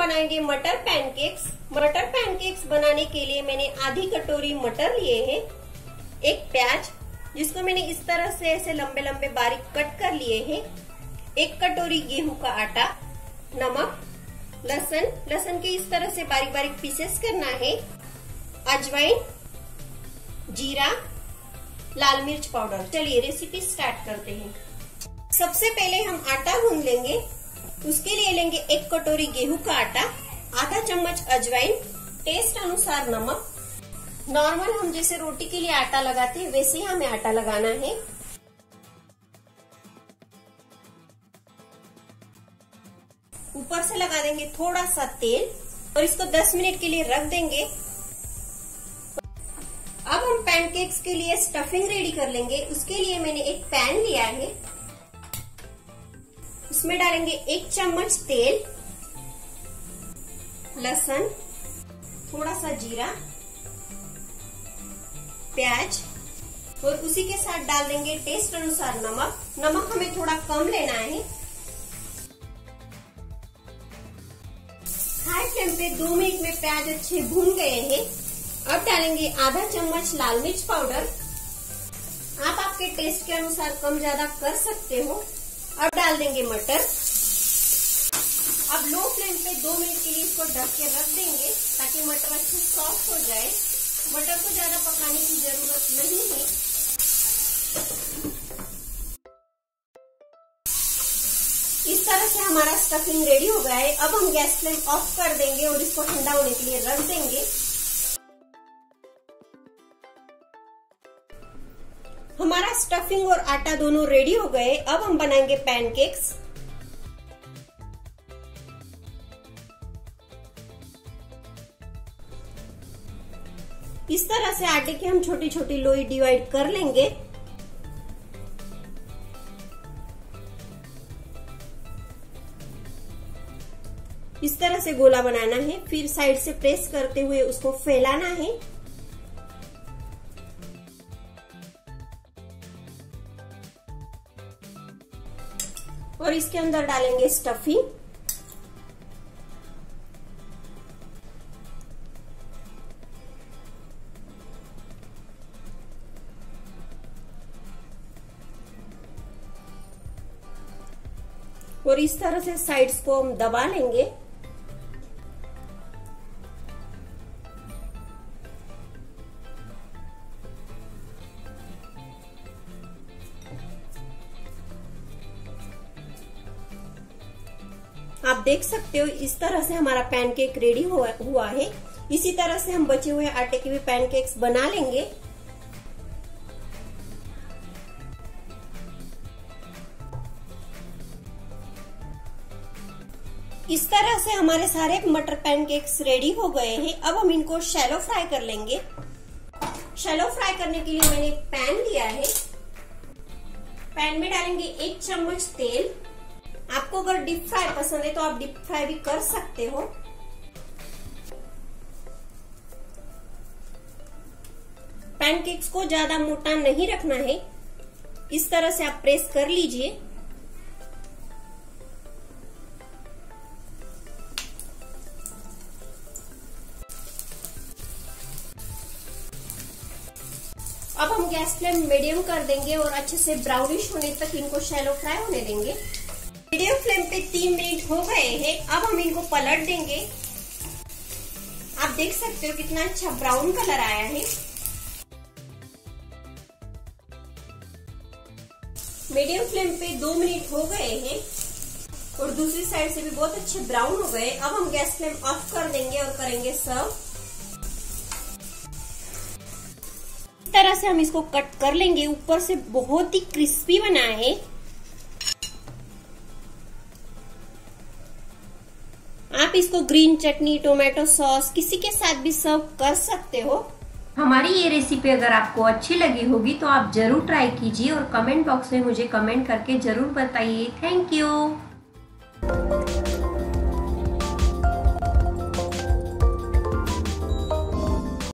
बनाएंगे मटर पैनकेक्स मटर पैनकेक्स बनाने के लिए मैंने आधी कटोरी मटर लिए हैं एक प्याज जिसको मैंने इस तरह से ऐसे लंबे लंबे बारीक कट कर लिए हैं एक कटोरी गेहूं का आटा नमक लसन लसन के इस तरह से बारीक बारीक पीसेस करना है अजवाइन जीरा लाल मिर्च पाउडर चलिए रेसिपी स्टार्ट करते हैं सबसे पहले हम आटा गूंद लेंगे उसके लिए लेंगे एक कटोरी गेहूं का आटा आधा चम्मच अजवाइन टेस्ट अनुसार नमक नॉर्मल हम जैसे रोटी के लिए आटा लगाते हैं वैसे ही हमें आटा लगाना है ऊपर से लगा देंगे थोड़ा सा तेल और इसको 10 मिनट के लिए रख देंगे अब हम पैनकेक्स के लिए स्टफिंग रेडी कर लेंगे उसके लिए मैंने एक पैन लिया है इसमें डालेंगे एक चम्मच तेल लसन थोड़ा सा जीरा प्याज और उसी के साथ डाल देंगे टेस्ट अनुसार नमक नमक हमें थोड़ा कम लेना है हाई फ्लेम पे दो मिनट में प्याज अच्छे भून गए हैं अब डालेंगे आधा चम्मच लाल मिर्च पाउडर आप आपके टेस्ट के अनुसार कम ज्यादा कर सकते हो अब डाल देंगे मटर अब लो फ्लेम पे दो मिनट के लिए इसको ढक के रख देंगे ताकि मटर अच्छे सॉफ्ट हो जाए मटर को ज्यादा पकाने की जरूरत नहीं है इस तरह से हमारा स्टफिंग रेडी हो गया है अब हम गैस फ्लेम ऑफ कर देंगे और इसको ठंडा होने के लिए रख देंगे हमारा स्टफिंग और आटा दोनों रेडी हो गए अब हम बनाएंगे पैनकेक्स इस तरह से आटे की हम छोटी छोटी लोई डिवाइड कर लेंगे इस तरह से गोला बनाना है फिर साइड से प्रेस करते हुए उसको फैलाना है और इसके अंदर डालेंगे स्टफिंग और इस तरह से साइड्स को हम दबा लेंगे आप देख सकते हो इस तरह से हमारा पैनकेक रेडी हुआ है इसी तरह से हम बचे हुए आटे के भी पैनकेक्स बना लेंगे इस तरह से हमारे सारे मटर पैनकेक्स रेडी हो गए हैं अब हम इनको शैलो फ्राई कर लेंगे शैलो फ्राई करने के लिए मैंने पैन लिया है पैन में डालेंगे एक चम्मच तेल आपको अगर डीप फ्राई पसंद है तो आप डीप फ्राई भी कर सकते हो पैनकेक्स को ज्यादा मोटा नहीं रखना है इस तरह से आप प्रेस कर लीजिए अब हम गैस फ्लेम मीडियम कर देंगे और अच्छे से ब्राउनिश होने तक इनको शैलो फ्राई होने देंगे मीडियम फ्लेम पे तीन मिनट हो गए हैं अब हम इनको पलट देंगे आप देख सकते हो कितना अच्छा ब्राउन कलर आया है मीडियम फ्लेम पे दो मिनट हो गए हैं और दूसरी साइड से भी बहुत अच्छे ब्राउन हो गए अब हम गैस फ्लेम ऑफ कर देंगे और करेंगे सर्व तरह से हम इसको कट कर लेंगे ऊपर से बहुत ही क्रिस्पी बना है आप इसको ग्रीन चटनी टोमेटो सॉस किसी के साथ भी सर्व कर सकते हो हमारी ये रेसिपी अगर आपको अच्छी लगी होगी तो आप जरूर ट्राई कीजिए और कमेंट बॉक्स में मुझे कमेंट करके जरूर बताइए थैंक यू